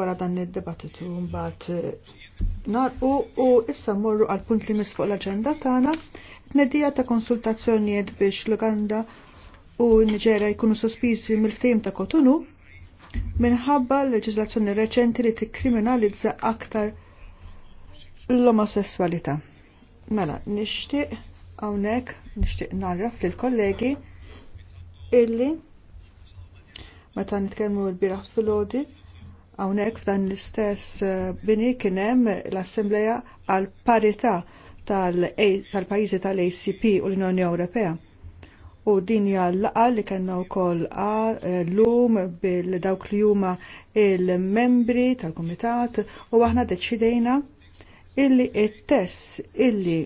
wara dan id-dibattitu mbagħad eh, narqu u issa morru għal punt li misfuq l-aġenda tagħna tnedija ta' konsultazzjonijiet biex l-Uganda u n-Niġerja jkunu sospiżi mill-ftehim ta' Kotunu minħabba l-leġiżlazzjoni reċenti li tikkriminalizza aktar l-omosessualità. Mela, nixtieq hawnhekk nixtieq narraf lil kollegi illi meta nitkellmu l-biraħ fil ħodi Hawnhekk f'dan l-istess eh, bini kien hemm l-Assembleja għal parità tal-pajjiżi tal-ACP u l-Unjoni Ewropea. U din hija laqa li kellna wkoll eh, lum bil dawk li huma il-membri tal-Kumitat u aħna deċidejna illi it-test illi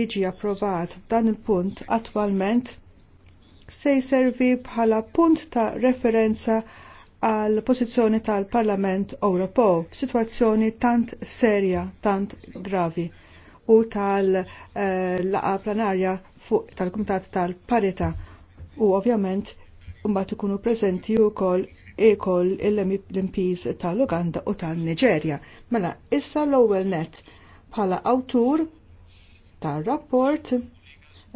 jiġi approvat f'dan il-punt attwalment se jservi bħala punt ta' referenza għal pożizzjoni tal-Parlament Ewropew f'sitwazzjoni tant serja, tant gravi u tal-laqa eh, planarja fuq tal-Kumitat tal-Parita u ovvjament mbagħad ikunu preżenti wkoll ikoll l-MPs tal-Uganda u tal-Niġerja. Mela issa l-ewwel net bħala awtur tar-rapport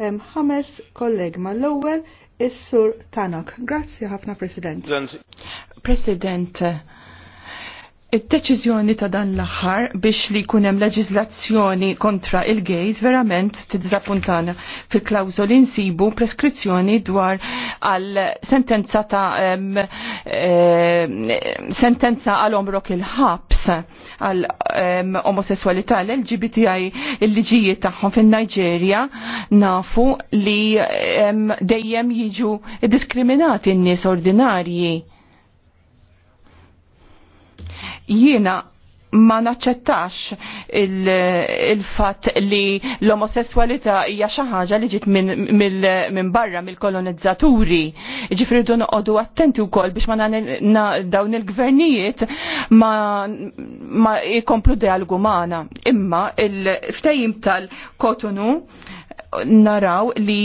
hemm ħames kolleg mal-ewwel Is-Sur Tanok. Grazzi ħafna President. President, Id-deċiżjoni ta' dan l-aħħar biex li kunem leġizlazzjoni kontra il-gejz verament fi fil li insibu preskrizzjoni dwar għal sentenza ta' um, sentenza għal omrok il-ħabs għal um, omosessualità l-LGBTI il-liġijiet tagħhom fin nigeria nafu li um, dejjem jiġu diskriminati n-nies ordinarji Jiena ma naċċettax il-fatt li l-omosessualità hija xi ħaġa li ġiet minn barra mill-kolonizzaturi. Ġifri rridu noqogħdu attenti wkoll biex ma dawn il-gvernijiet ma, jkomplu dialogu magħna. Imma il-ftehim tal-Kotonu naraw li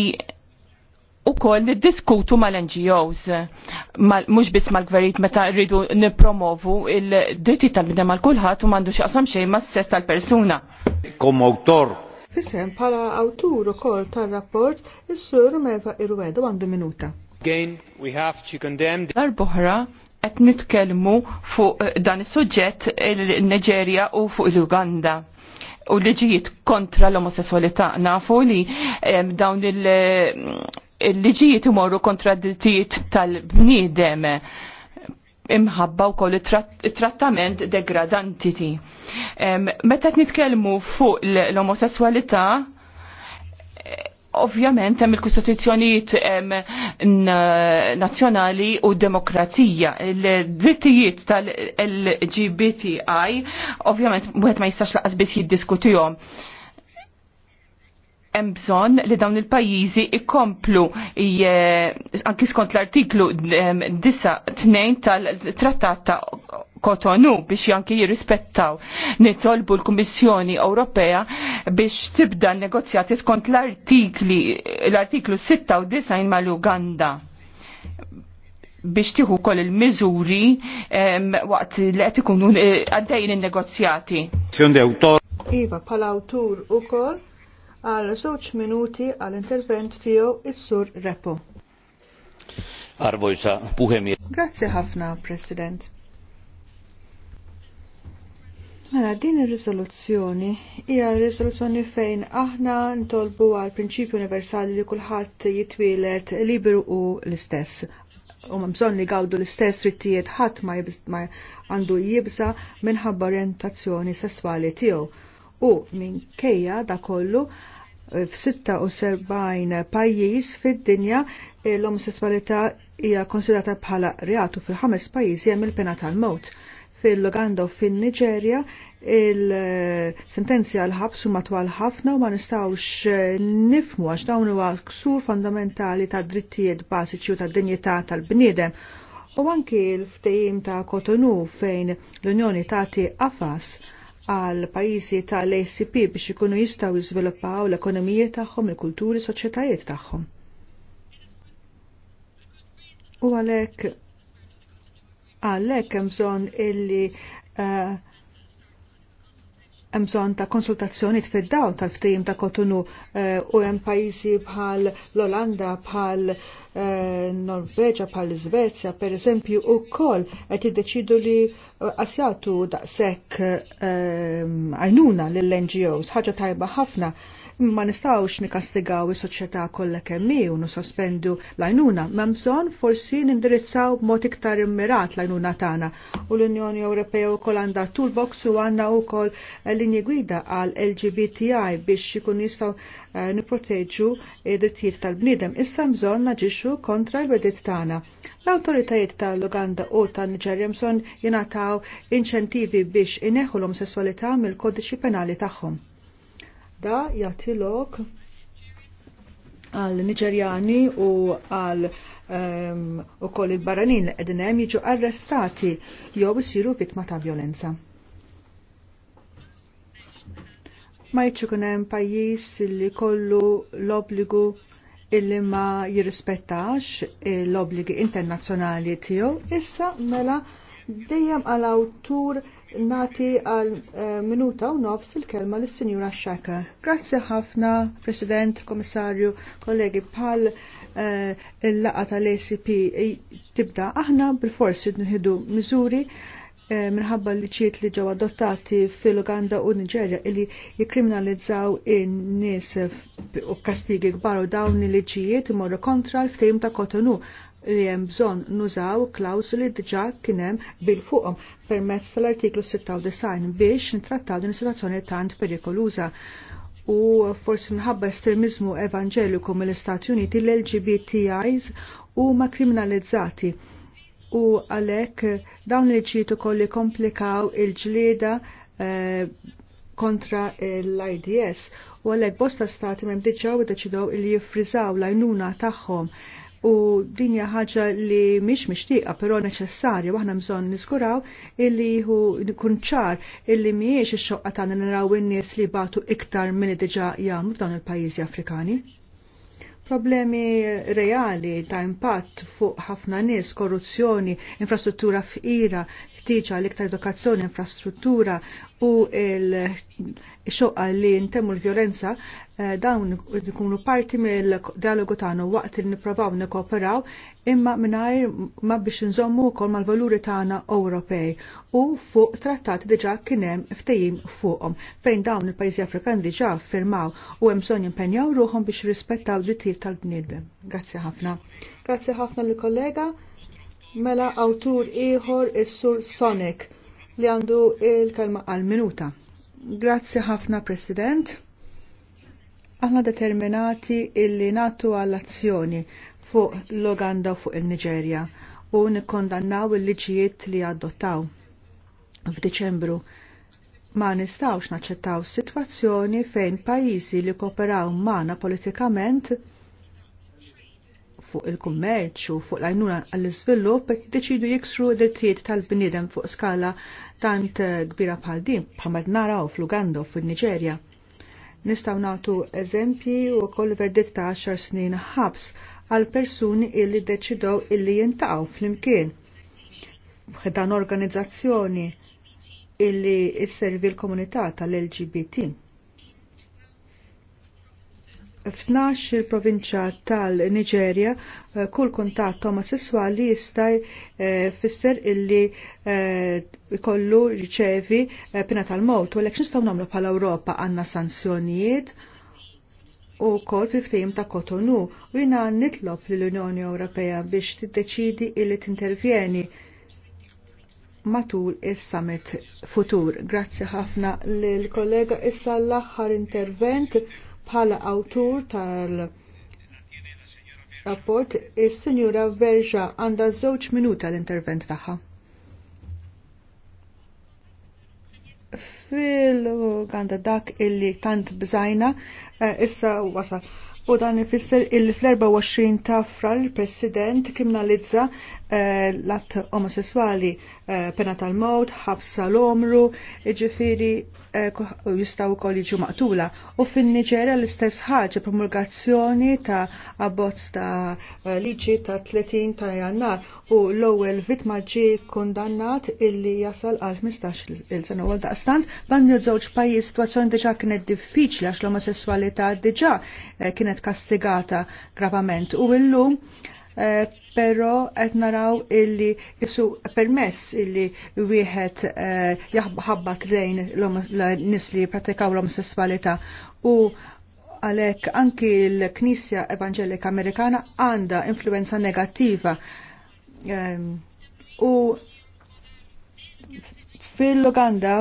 u koll niddiskutu mal-NGOs, mux bis mal-gverit meta rridu nipromovu il-dritti tal-bidem mal-kulħat u mandu xaqsam xej ma s-sess tal-persuna. Kom autor. Fisem, pala autur u koll tal-rapport, il-sur meva irwedu għandu minuta. Again, we have to condemn... Darbohra, għet nitkelmu fuq eh, dan il-sujġet il-Nigeria u fuq il-Uganda u liġijiet kontra l-omosessualità nafu li dawn il- il-liġijiet imorru kontra tal-bniedem imħabba u koll trattament degradantiti. Meta nitkellmu fuq l-omosessualità, ovvjament hemm il-kostituzzjonijiet nazzjonali u demokrazija. Il-drittijiet tal-LGBTI ovvjament wieħed ma jistax laqas biss jiddiskutihom hemm bżonn li dawn il-pajjiżi ikomplu anki skont l-artiklu 9 tal-Trattat ta' Kotonu biex janki jirrispettaw. Nitolbu l-Kummissjoni Ewropea biex tibda negozjati skont l-artikli l-artiklu 96 mal-Uganda biex tiħu kol il-mizuri waqt li qed ikunu eh, għaddejjin in-negozjati. Iva, pal u ukoll għal żewġ minuti għal intervent tiegħu is-sur Repo. Arvojsa puħemir. Grazzi ħafna, President. Mela din ir-riżoluzzjoni hija riżoluzzjoni fejn aħna ntolbu għal prinċipju universali li kulħadd jitwielet liberu u l-istess u bżonn li gawdu l-istess rittijiet ħadd ma għandu jibsa minħabba orientazzjoni sesswali tiegħu. U minkejja da kollu f-76 pajjiż fid-dinja l-omosessualità hija konsidrata bħala reatu fil-ħames pajjiżi hemm il-pena tal-mewt. Fil-Luganda u fin-Niġerja il-sentenzi għal-ħabs huma twal ħafna u ma nistgħux nifmu għax dawn huwa ksur fondamentali ta' drittijiet bażiċi u ta' dinjità tal-bniedem. U anki l ftejim ta' Kotonu fejn l-Unjoni tagħti qafas għal pajjiżi tal-ACP biex ikunu jistgħu jiżviluppaw l-ekonomija tagħhom, il-kulturi, soċjetajiet tagħhom. U għalhekk għalhekk hemm bżonn illi uh, hemm bżonn ta' konsultazzjoni fid tal-ftehim ta' Kotonu eh, u hemm pajjiżi bħal l-Olanda, bħal eh, Norveġa, bħal Iżvezja, per eżempju, ukoll qed jiddeċidu li eh, asjatu daqshekk għajnuna lill-NGOs, ħaġa tajba ħafna ma nistawx nikastigaw is-soċjetà kollha kemm u nisospendu l-għajnuna, ma bżonn forsi nindirizzaw b'mod iktar immirat l-għajnuna tagħna. U l-Unjoni Ewropea wkoll għandha toolbox u għandna wkoll eh, linji gwida għal LGBTI biex ikun jistgħu eh, nipproteġu id-drittijiet tal-bniedem. Issa bżonn naġixxu kontra l-wedet tagħna. L-awtoritajiet tal-Uganda u tan-Niġerja bżonn jingħataw inċentivi biex ineħħu l-omsessualità mill-kodiċi penali tagħhom. Da jagħtilok għal Niġerjani u għal um, u koll il-baranin li qegħdin hemm jiġu arrestati jew isiru vittma ta' violenza. Ma jiġu kun hemm pajjiż li kollu l-obbligu illi ma jirrispettax l-obbligi internazzjonali tiegħu issa mela dejjem għal awtur nati għal eh, minuta u nofs il-kelma l sinjura Xaka. Grazzi ħafna, President, Komissarju, kollegi, pal eh, il-laqa tal-ACP eh, tibda. Aħna bil-forsi nħidu miżuri minħabba li ċiet li ġew adottati fil-Uganda u Niġerja illi jikriminalizzaw in-nies u kastigi kbar u dawn il-liġijiet imorru kontra l ftejm ta' Kotonu li hemm bżonn nużaw klawsuli diġà kien hemm bil-fuqhom permezz tal-artiklu 96 biex nittrattaw din sitwazzjoni tant perikoluża u forsi minħabba estremizmu evanġeliku mill-Istati Uniti l-LGBTIs huma kriminalizzati u għalhekk dawn il-ġiet ukoll eh, li komplikaw il-ġlieda kontra l-IDS u għalhekk bosta stati mem diġaw id li jiffriżaw l-għajnuna tagħhom u din hija ħaġa li mhix mixtieqa però neċessarja waħna bżonn niskuraw illi hu kunċar ċar illi mhijiex ix-xoqqa tagħna naraw in-nies li batu iktar milli diġà jagħmlu f'dawn il-pajjiżi Afrikani. Problemi reali ta' impatt fuq ħafna nies, korruzzjoni, infrastruttura fqira, ħtiġa l-iktar edukazzjoni, infrastruttura u l-xoqqa li ntemmu l-violenza eh, dawn ikunu parti mill-dialogu tagħna waqt li nipprovaw nikkooperaw imma mingħajr ma biex nżommu wkoll mal-valuri tagħna Ewropej u fuq trattati diġà kien hemm ftehim fuqhom fejn dawn il-pajjiżi Afrikan diġà firmaw u hemm bżonn jimpenjaw ruhom biex rispettaw drittijiet tal-bniedem. Grazzi ħafna. Grazzi ħafna lill kollega mela awtur ieħor is-sur Sonic li għandu il-kelma għal minuta. Grazzi ħafna President. Aħna determinati illi natu għall-azzjoni fuq l-Oganda fuq il-Niġerja u nikkondannaw il-liġijiet li adottaw f'Diċembru. Ma nistawx naċċettaw situazzjoni fejn pajjiżi li kooperaw magħna politikament fuq il-kummerċ u fuq l-għajnuna għall-izvillup deċidu jiksru d-dritt tal-bnidem fuq skala tant eh, kbira bħal din bħamad naraw fl-Uganda u fil-Niġerja. Nistaw nagħtu eżempji u koll verdit ta' 10 snin ħabs għal persuni illi deċidow illi jintaqgħu fl-imkien. F'dan organizzazzjoni illi isservi l-komunità tal-LGBT. F'tnax il provinċa tal-Niġerja eh, kull kuntatt omosessuali jista' eh, jfisser illi eh, kollu riċevi pina tal-mowt. U għalhekk nistgħu nagħmlu bħala Ewropa għandna sanzjonijiet u kol fil-ftejim ta' Kotonu u jina nitlob l-Unjoni Ewropea biex tiddeċidi illi tintervjeni matul is-summit futur. Grazzi ħafna l-kollega issa l-aħħar intervent bħala awtur tal- Rapport, il-Sinjura Verja għandha żewġ minuta l-intervent tagħha. Fil-għanda dak illi tant bżajna, eh, issa wasal. U dan ifisser il-24 ta' frar il-President kriminalizza eh, l-att omosessuali, eh, pena tal-mod, ħabsa l-omru, ġifiri Eh, jistaw kol jiġu maqtula. U fin Nigeria l-istess ħaġa promulgazzjoni ta' abbozz ta' eh, liġi ta' 30 ta' jannar u l-ewwel vittma ġie kondannat illi jasal għal 15 il-sena u daqstant ban żewġ pajjiż situazzjoni diġà kienet diffiċli għax l-omosessualità diġà eh, kienet kastigata gravament u illum Eh, pero qed naraw illi jisu permess illi wieħed eh, jaħbad lejn l-nis li jipprattikaw l-omosessualità u għalhekk anki l-Knisja Evangelika Amerikana għandha influenza negattiva. Ehm, u fil-Luganda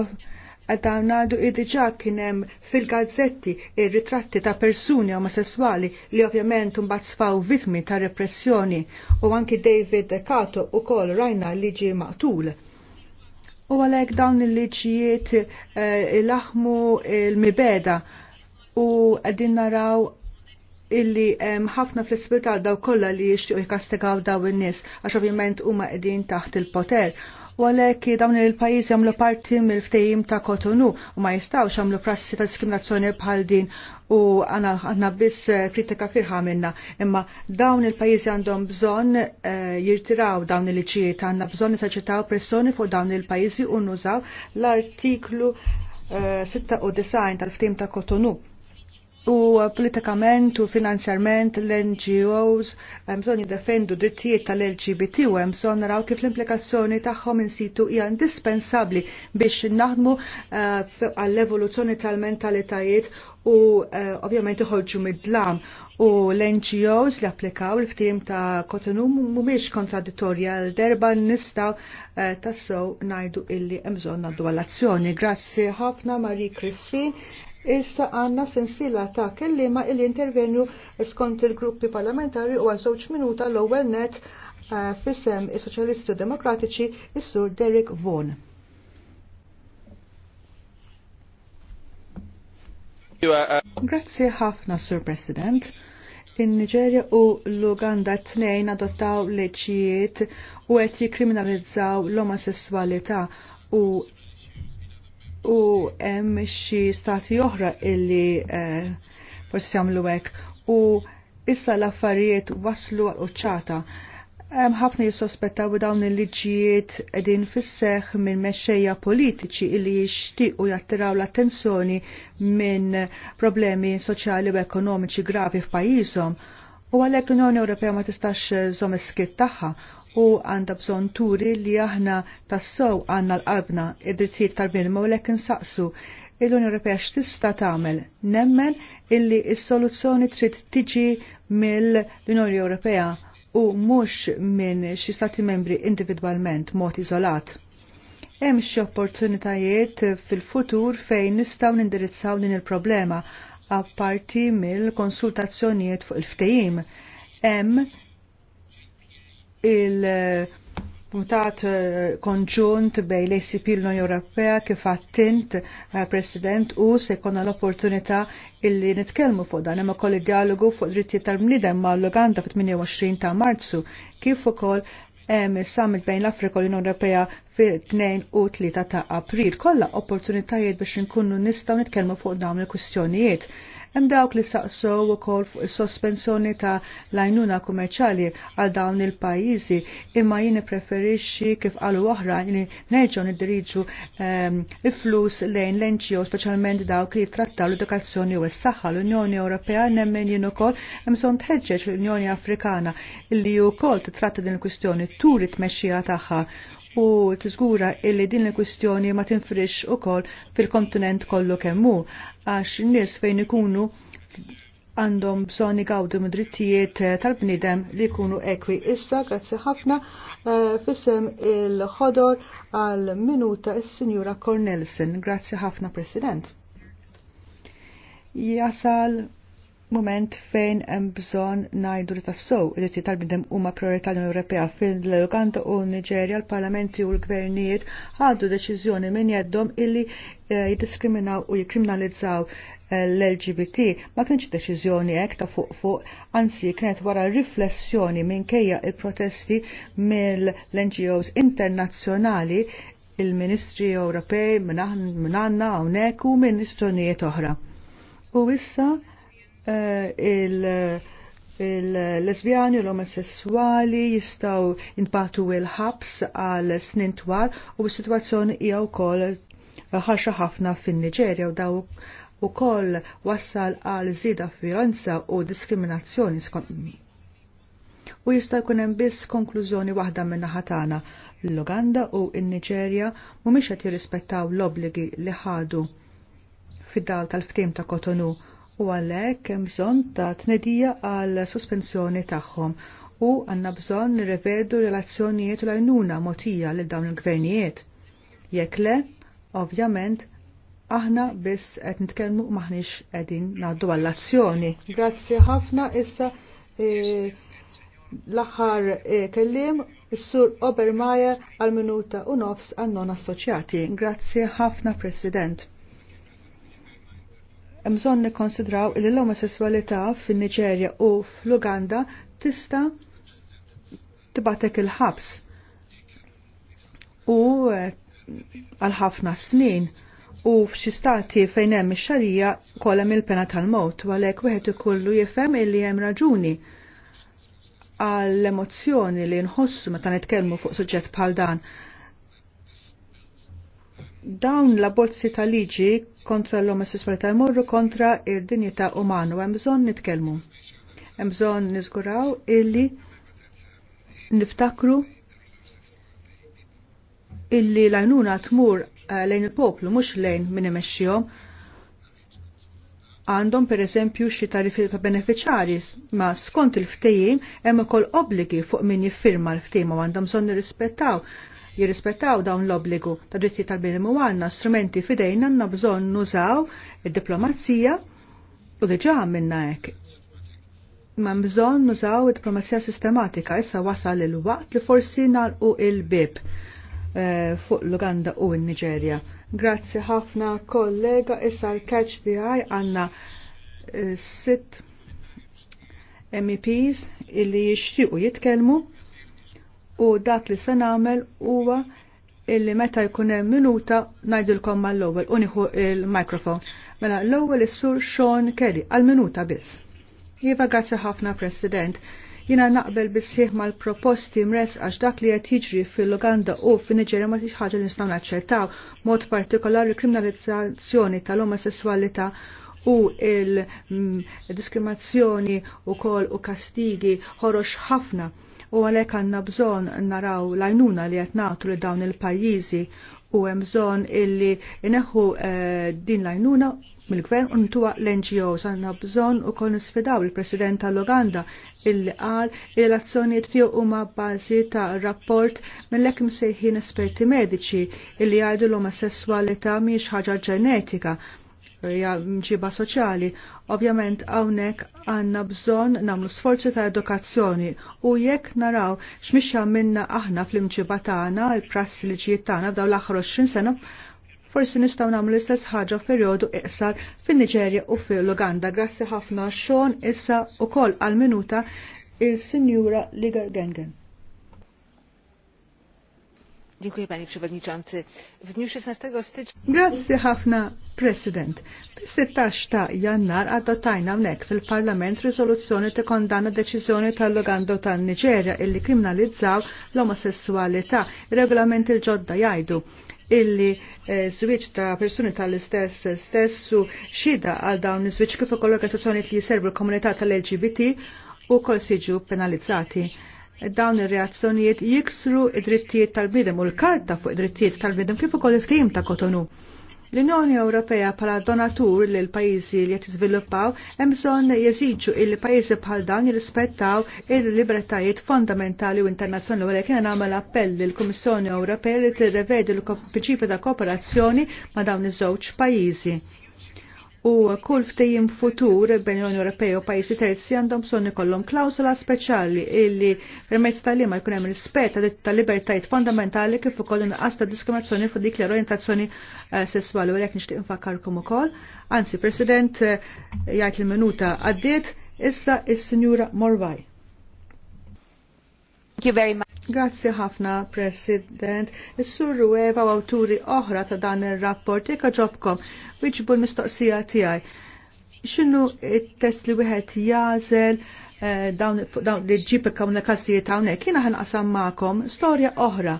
Dawn għadu id dġa kienem fil-gazzetti il ritratti ta' persuni omosessuali li ovvjament mbagħad sfaw vittmi ta' repressjoni u anki David Kato u kol rajna li ġi maqtul. U għalhekk dawn il-liġijiet eh, laħmu il-mibeda u qegħdin naraw illi ħafna fl-ispirtal daw kollha li jixtiequ jkastigaw daw in-nies għax ovvjament huma qegħdin taħt il-poter u għalek dawn il pajis jagħmlu parti mill ftejim ta' Kotonu u ma jistgħux jagħmlu prassi ta' diskriminazzjoni bħal din u għanna biss eh, kritika firħa minna. Imma dawn il-pajjiżi għandhom bżonn eh, jirtiraw dawn il-liċijiet, għanna bżonn nisaċitaw pressjoni fuq dawn il-pajjiżi u nużaw l-artiklu e, 96 tal ftejim ta' Kotonu u politikament u finanzjarment l-NGOs bżon jiddefendu drittijiet tal-LGBT u bżon naraw kif l-implikazzjoni tagħhom insitu hija indispensabbli biex naħdmu eh, għall-evoluzzjoni tal-mentalitajiet u eh, ovvjament iħolġu mid-dlam u l-NGOs li applikaw il-ftim ta' Kotonu mhumiex kontradittorja l derba nistaw uh, eh, najdu illi hemm bżonn għall azzjoni. Grazzi ħafna Marie Christine. Issa għanna sensila ta' kellima il intervenju skont il-gruppi parlamentari u għal żewġ minuta l-ewwel net uh, eh, fisem is-Soċjalisti Demokratiċi is-Sur Derek Vaughan. Grazzi ħafna, Sur President. In-Niġerja u l-Uganda tnejn adottaw leċijiet u qed jikkriminalizzaw l-omosessualità u u hemm xi stati oħra illi eh, forsi jagħmlu hekk u issa l-affarijiet waslu għal uċċata. Hemm ħafna jissospettaw dawn il-liġijiet qegħdin fis-seħħ minn mexxejja politiċi li jixtiequ jattiraw l-attenzjoni minn problemi soċjali u ekonomiċi gravi f'pajjiżhom U għalhekk l-Unjoni Ewropea ma tistax eh, żomm is taħħa tagħha u għandha bżonn turi li aħna tassow għandna l-qalbna id-drittijiet tal-bniedem u lek insaqsu l-Unjoni Ewropea x'tista tagħmel nemmen illi s-soluzzjoni trid tiġi mill-Unjoni Ewropea u mhux minn xi stati membri individwalment mod iżolat. Hemm xi opportunitajiet fil-futur fejn nistgħu nindirizzaw din il-problema apparti mill-konsultazzjonijiet fuq il-ftehim. Hemm il-puntat konġunt bej l-ACP l-Unjoni Ewropea kif attint eh, President u se konna l-opportunità illi nitkellmu fuq dan hemm ukoll id-dialogu fuq drittijiet tal-bniedem ma' Luganda fit-28 ta' Marzu kif ukoll hemm is-summit bejn l-Afrika u l-Unjoni Ewropea fi 2 u 3 ta' april. Kolla opportunitajiet biex nkunnu nistaw nitkellmu fuq dawn il kustjonijiet Hemm dawk li saqsow ukoll fuq is-sospensjoni ta' lajnuna kummerċjali għal dawn il-pajjiżi imma jien preferixxi kif qalu oħrajn li nerġgħu niddiriġu ehm, il-flus lejn l-NGO speċjalment dawk li jittrattaw l-edukazzjoni u s-saħħa l-Unjoni Ewropea nemmen jien ukoll hemm bżonn tħeġġeġ l-Unjoni Afrikana li wkoll titratta din il-kwistjoni turi tmexxija tagħha u tiżgura illi din il-kwistjoni ma tinfrix ukoll fil-kontinent kollu kemmu għax nies fejn ikunu għandhom bżon igawdu mid-drittijiet eh, tal-bnidem li jkunu ekwi. Issa, grazzi ħafna, eh, fissem il-ħodor għal minuta il-Sinjura Cornelson. Grazzi ħafna, President. Jasal moment fejn hemm bżonn ngħidu li tassew irid tal-bidem huma priorità l Ewropea fil-Luganda u Niġerja l-parlamenti u l-gvernijiet ħadu deċiżjoni minn jeddhom illi eh, jiddiskriminaw u jikkriminalizzaw eh, l-LGBT ma kienx deċiżjoni hekk ta' fuq fuq, anzi kienet wara riflessjoni minkejja il-protesti mill-NGOs internazzjonali il-Ministri Ewropej minn għanna hawnhekk u minn istronijiet oħra. U issa Eh, il-lesbjani u l-omosessuali jistaw inbatu il-ħabs għal snin twal u s-situazzjoni hija wkoll ħarxa ħafna fin-Niġerja u daw u koll wassal għal zida violenza u diskriminazzjoni skont mi. U jista' jkun hemm biss konklużjoni waħda minn ħatana l-Uganda u n-Niġerja mhumiex qed jirrispettaw l-obbligi li ħadu fid-dal tal-ftim ta' Kotonu u għalhekk hemm bżonn ta' tnedija għal sospensjoni tagħhom u għandna bżonn nirrevedu relazzjonijiet u lajnuna motija lil dawn il-gvernijiet. Jekk le, ovvjament, aħna biss qed nitkellmu maħniex qegħdin ngħaddu għall-azzjoni. Grazzi ħafna issa e, l-aħħar e, kellim is-sur Obermajer għal minuta u nofs għannon assoċjati. Grazzi ħafna President mżon nikkonsidraw li l-omosessualità fin-Niġerja u fl-Uganda tista' tibatek il-ħabs u eh, għal ħafna snin u f'xi stati fejn hemm ix-xarija kolem il-pena tal-mewt għalhekk wieħed ikollu jifhem illi hemm raġuni għall-emozzjoni li nħossu meta nitkellmu fuq suġġett bħal dan. Dawn l bozzi ta' liġi kontra l-omosessualità jmorru kontra id-dinjità umanu. Hemm bżonn nitkellmu. Hemm bżonn niżguraw illi niftakru illi lajnuna tmur eh, lejn il-poplu mhux lejn min imexxihom għandhom per eżempju xi tarifi beneficiaris, ma skont il-ftejim hemm ukoll obbligi fuq min jiffirma l-ftehim u għandhom bżonn nirrispettaw jirrispettaw dawn l-obbligu ta' dritti tal bini għanna strumenti fidejna għanna bżon nużaw il-diplomazija u diġa minna ek. Ma bżon nużaw il-diplomazija sistematika issa wasal il-waqt li forsi u il-bib eh, fuq l-Uganda u n-Niġerja. Grazzi ħafna kollega issa l-catch di għaj għanna eh, sit MEPs illi jixtiqu jitkelmu u dak li se nagħmel huwa illi meta jkun hemm minuta ngħidilkom mal-ewwel u nieħu il-mikrofon. Mela l-ewwel is-sur Sean Kelly għal minuta biss. Iva grazzi ħafna President. Jina naqbel bisħiħ mal-proposti mres għax dak li qed jiġri fil-Luganda u fin-Niġerja ma tix ħaġa li nistgħu naċċettaw, mod partikolari kriminalizzazzjoni tal-omosessualità u il-diskriminazzjoni u kol u kastigi ħorox ħafna u għalhekk għandna bżonn naraw lajnuna li qed nagħtu li dawn il-pajjiżi u hemm bżonn illi ineħħu eh, din lajnuna mill-gvern tuwa l-NGOs għanna bżon u kon sfidaw il-President tal-Uganda illi għal il-azzjoniet tiegħu huma bażi ta' rapport mill-hekk msejħin esperti mediċi illi jgħidu l-omosessualità miex ħaġa ġenetika mġiba soċjali. Ovjament hawnhekk għandna bżonn nagħmlu sforzi ta' edukazzjoni u jekk naraw x'mixja minna aħna fl-imġiba tagħna, il-prassi li ġiet tagħna f'daw l-aħħar 20 sena, forsi nistgħu nagħmlu l-istess ħaġa f'perjodu iqsar fin-Niġerja u fil-Uganda. Grazzi ħafna xon issa ukoll għal minuta il-Sinjura Ligar Gengen. Dziękuję Panie Przewodniczący. W dniu 16 stycznia... Grazie ħafna, President. Fis-16 ta' jannar adottajna hawnhekk fil-Parlament riżoluzzjoni te kondanna deċiżjoni tal-Logando tan-Niġerja illi kriminalizzaw l-omosessualità. Regolament il-ġodda jgħidu illi eh, żwieġ ta' persuni tal-istess stessu xida għal dawn zwiċ żwieġ kif ukoll organizzazzjoni li jiservu l-komunità tal-LGBT u kol siġu penalizzati dawn ir-reazzjonijiet jiksru id-drittijiet tal-bidem u l-karta fuq id-drittijiet tal-bidem kif ukoll iftim ta' Kotonu. L-Unjoni Ewropea bħala donatur lil pajjiżi li qed jiżviluppaw hemm bżonn jeżiġu il pajjiżi bħal dawn jirrispettaw il-libertajiet fondamentali u internazzjonali wara kien nagħmel appell lill kummissjoni Ewropea li tirrevedi l-prinċipju ta' kooperazzjoni ma' dawn iż-żewġ pajjiżi u kull ftejjim futur bejn l-Unjoni Ewropea u pajjiżi terzi għandhom bżonn ikollhom klawsola speċjali illi permezz tal-liema jkun hemm rispett ta' libertajiet fondamentali kif ukoll inqas ta' diskriminazzjoni fuq dik l-orjentazzjoni eh, sesswali u għalhekk nixtieq nfakkarkom ukoll. Anzi, President eh, jgħid il-minuta għaddiet issa is-Sinjura Morvaj. Thank you very much. Grazzi ħafna, President. is surru Rueva u awturi oħra ta' dan ir-rapport eka ġobkom wieġbu l-mistoqsija tiegħi. X'inhu it-test li wieħed jażel eh, dawn li ġib ikkawna kassijiet hawnhekk, jiena ħanqasam magħkom storja oħra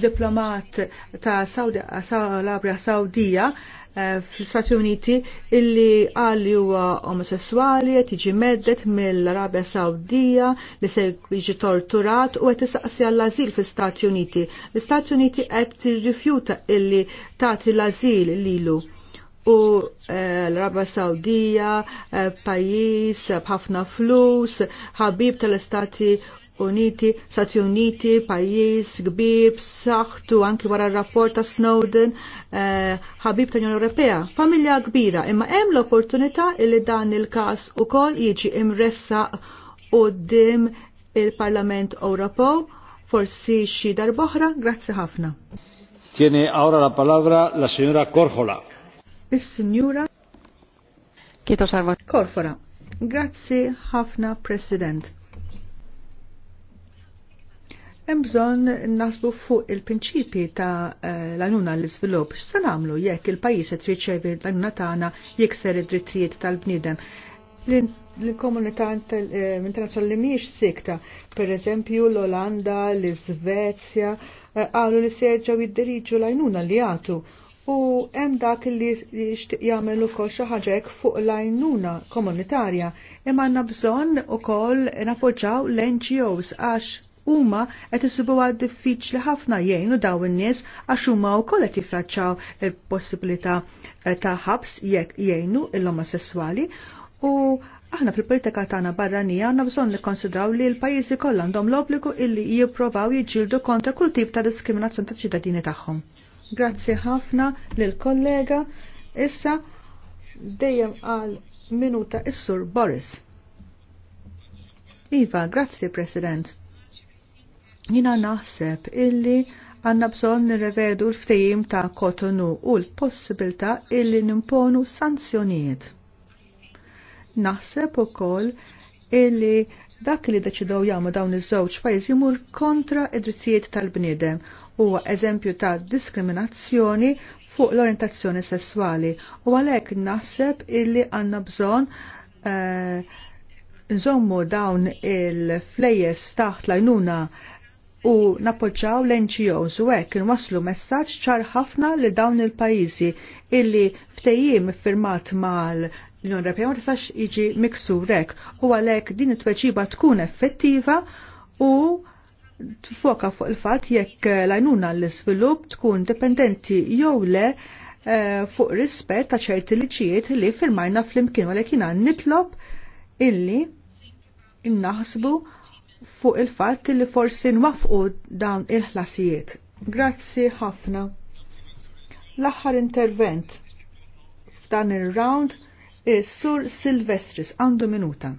diplomat ta' Saudi, Arabia Saudija Eh, fl-Stati Uniti illi għal li huwa omosessuali qed jiġi meddet mill-Arabja Sawdija li se jiġi torturat u qed isaqsi għall-ażil fl-Stati Uniti. L-Istati Uniti qed tirrifjuta illi tagħti l-ażil lilu u eh, l-Arabja Sawdija, eh, pajjiż b'ħafna flus, ħabib tal-Istati Uniti, Stati Uniti, pajjiż kbib, saħtu anki wara r-rapport ta' Snowden, eh, ħabib ta' Unjoni Ewropea, familja kbira, imma hemm l-opportunità li dan il-każ ukoll jiġi imressa qudiem il-Parlament Ewropew forsi xi darboħra, grazzi ħafna. Tiene ahora la palabra la signora Corjola. Is-signura Kieto Sarva. Grazzi ħafna, President hemm bżonn nasbu fuq il-prinċipji ta' eh, l anuna l-iżvilupp. X'se nagħmlu jekk il-pajjiż qed riċevi l-għanuna tagħna jikser id-drittijiet tal-bniedem. L-komunità eh, internazzjonali mhijiex sikta, pereżempju l-Olanda, l-Iżvezja, eh, qalu li id jiddiriġu l-għajnuna li jagħtu u hemm dak li jixtieq jagħmel ukoll xi ħaġa hekk fuq l-għajnuna komunitarja imma għandna bżonn ukoll napoġġaw l-NGOs għax huma qed isibuha diffiċli ħafna jgħinu daw in-nies għax huma wkoll qed jiffraċċaw il-possibilità eh, ta' ħabs jekk jgħinu l-omosessuali u aħna fil-politika tagħna barranija għandna bżonn nikkonsidraw li l-pajjiżi kollha għandhom l-obbligu illi jippruvaw jiġġieldu kontra kull tip ta' diskriminazzjoni taċ ċittadini tagħhom. Grazzi ħafna lil kollega issa dejjem għal minuta is-sur Boris. Iva, grazzi President. Jina naħseb illi għanna bżon nirrevedu l-ftejim ta' kotonu u l-possibilta illi nimponu sanzjonijiet. Naħseb ukoll illi dak li deċidaw jagħmlu dawn iż-żewġ pajjiż jimur kontra id-drizzijiet tal-bniedem huwa eżempju ta' diskriminazzjoni fuq l-orientazzjoni sessuali u għalhekk naħseb illi għandna bżonn eh, nżommu dawn il-flejjes taħt lajnuna u nappoġġaw l-NGOs u hekk inwasslu messaġġ ċar ħafna li dawn il-pajjiżi illi ftejjim firmat mal l-Unjoni Ewropea ma tistax jiġi miksu rek u għalhekk din it-tweġiba tkun effettiva u tfoka fuq il-fatt jekk l-għajnuna l-iżvilupp tkun dipendenti jew le eh, fuq rispett ta' ċerti liċijiet li firmajna fl-imkien għalhekk jiena nitlob illi innaħsbu fuq il-fatt li forsi nwafqu dawn il-ħlasijiet. Grazzi ħafna. L-aħħar intervent f'dan il-round is-Sur Silvestris għandu minuta.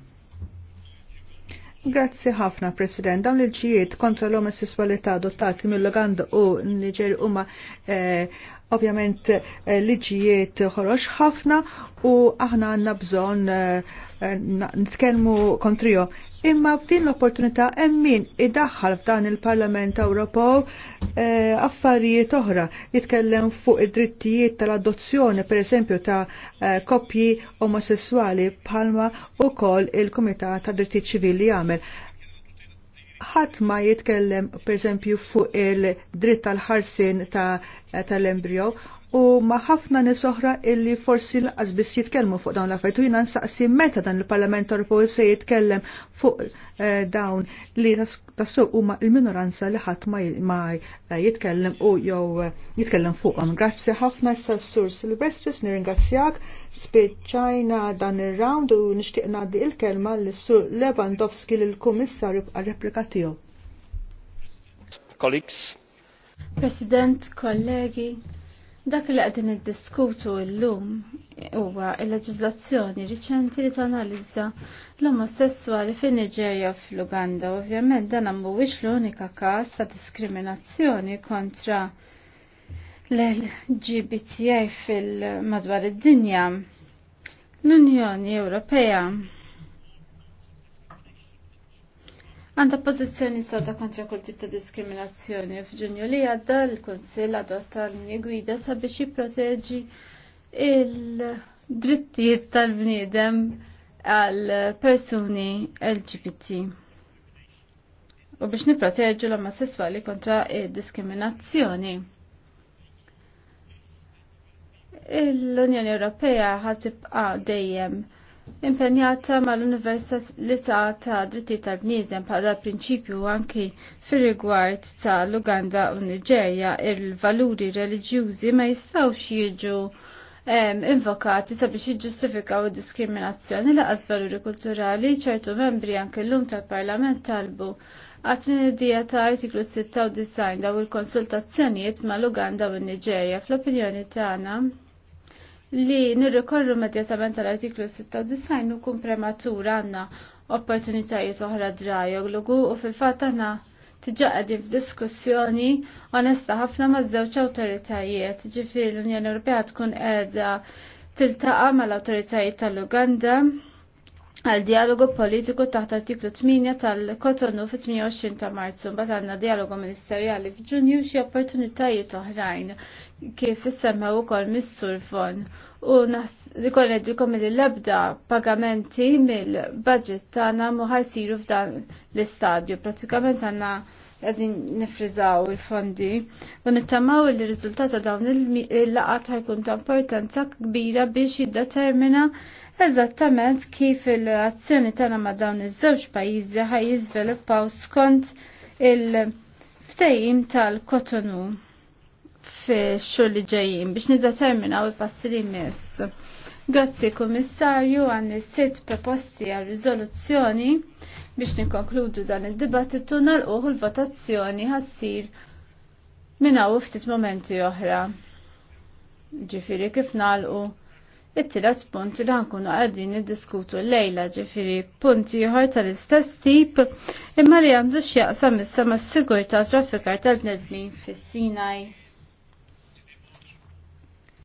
Grazzi ħafna, President. Dawn il-ġijiet kontra l-omosessualità adottati mill-Loganda u Niġer huma eh, ovvjament eh, liġijiet ħorox ħafna u aħna għandna bżonn eh, nitkellmu kontrihom. Imma f'din l-opportunità hemm min idaħħal f'dan il-Parlament Ewropew eh, affarijiet oħra jitkellem fuq id-drittijiet tal-adozzjoni pereżempju ta' eh, koppji omosessuali bħalma wkoll il-Kumitat ta' dritti Ċivili jagħmel. Ħadd ma jitkellem pereżempju fuq il-dritt tal-ħarsin eh, tal-embryo ta u ma' ħafna nisoħra illi forsi laqas biss jitkellmu fuq dawn l-affarijiet u jina nsaqsi meta dan il-Parlament Ewropew se jitkellem fuq eh, dawn li tassuq huma l-minoranza li ħadd ma jitkellem u jew eh, jitkellem fuqhom. Grazzi ħafna issa sur Silvestris nirringrazzjak spiċċajna dan ir-round u nixtieq ngħaddi il-kelma lis-Sur Lewandowski lill kummissar bqa' replika tiegħu. Colleagues. President, kollegi, Dak li qegħdin iddiskutu llum huwa l leġizlazzjoni riċenti li tanalizza l-omosessuali fin Nigeria u fl-Uganda. Ovvjament dan mhuwiex l-unika każ ta' diskriminazzjoni kontra l-LGBTI fil-madwar id-dinja. L-Unjoni Ewropea Għanda pozizjoni sota kontra kull tip ta' diskriminazzjoni. F'Ġunju li għadda l-Kunsill adotta l-linji gwida sabiex jipproteġi il-drittijiet tal-bniedem għal persuni LGBT. U biex niproteġu l-omosessuali kontra diskriminazzjoni. L-Unjoni Ewropea ħatibqa' dejjem impenjata mal-Università ta' Dritti tal-Bniedem bħala prinċipju anki fir-rigward ta' l-Uganda u Niġerja il-valuri reliġjużi ma jistawx jiġu invokati sabiex jiġġustifikaw id-diskriminazzjoni laqas valuri kulturali ċertu membri anki l-lum tal-Parlament talbu għatni dija ta' artiklu 96 daw il-konsultazzjonijiet ma' l-Uganda u n-Niġerja fl-opinjoni tagħna li nirrikorru immedjatament tal-artiklu 96 u kun prematur għanna opportunitajiet oħra drajoglugu u fil-fat għanna tiġaqadi f'diskussjoni onesta ħafna ma' żewġ awtoritajiet, ġifiri l-Unjoni Ewropea tkun qiegħda tiltaqa mal-awtoritajiet tal-Uganda għal dialogu politiku taħt artiklu 8 tal-Kotonu fit-28 ta' Marzu, mbagħad għandna dialogu ministerjali f'Ġunju xi opportunitajiet oħrajn kif issemmew ukoll mis missur fon u nikoll ngħidilkom li l-ebda pagamenti mill-budget tagħna ma ħajsiru f'dan l-istadju. Pratikament għandna qegħdin nifrizaw il-fondi u nittamaw li rizultata ta' dawn il-laqat ħajkun ta' importanza kbira biex jiddetermina eżattament kif il-relazzjoni tagħna ma' dawn iż-żewġ pajjiżi ħaj skont il ftejim tal-Kotonu fix-xogħol li ġejjin biex niddeterminaw il-passi li jmiss. Grazzi Kummissarju għan sitt proposti għal riżoluzzjoni biex nikkonkludu dan id-dibattitu nal-uħu l-votazzjoni għassir minna u ftit momenti oħra. Ġifiri kif nalqu it tilat punt li għankunu għadin id-diskutu l-lejla ġifiri punti ieħor tal-istess tip imma li għandu x'jaqsam issa mas sigurta traffikar tal-bnedmin fis-Sinaj.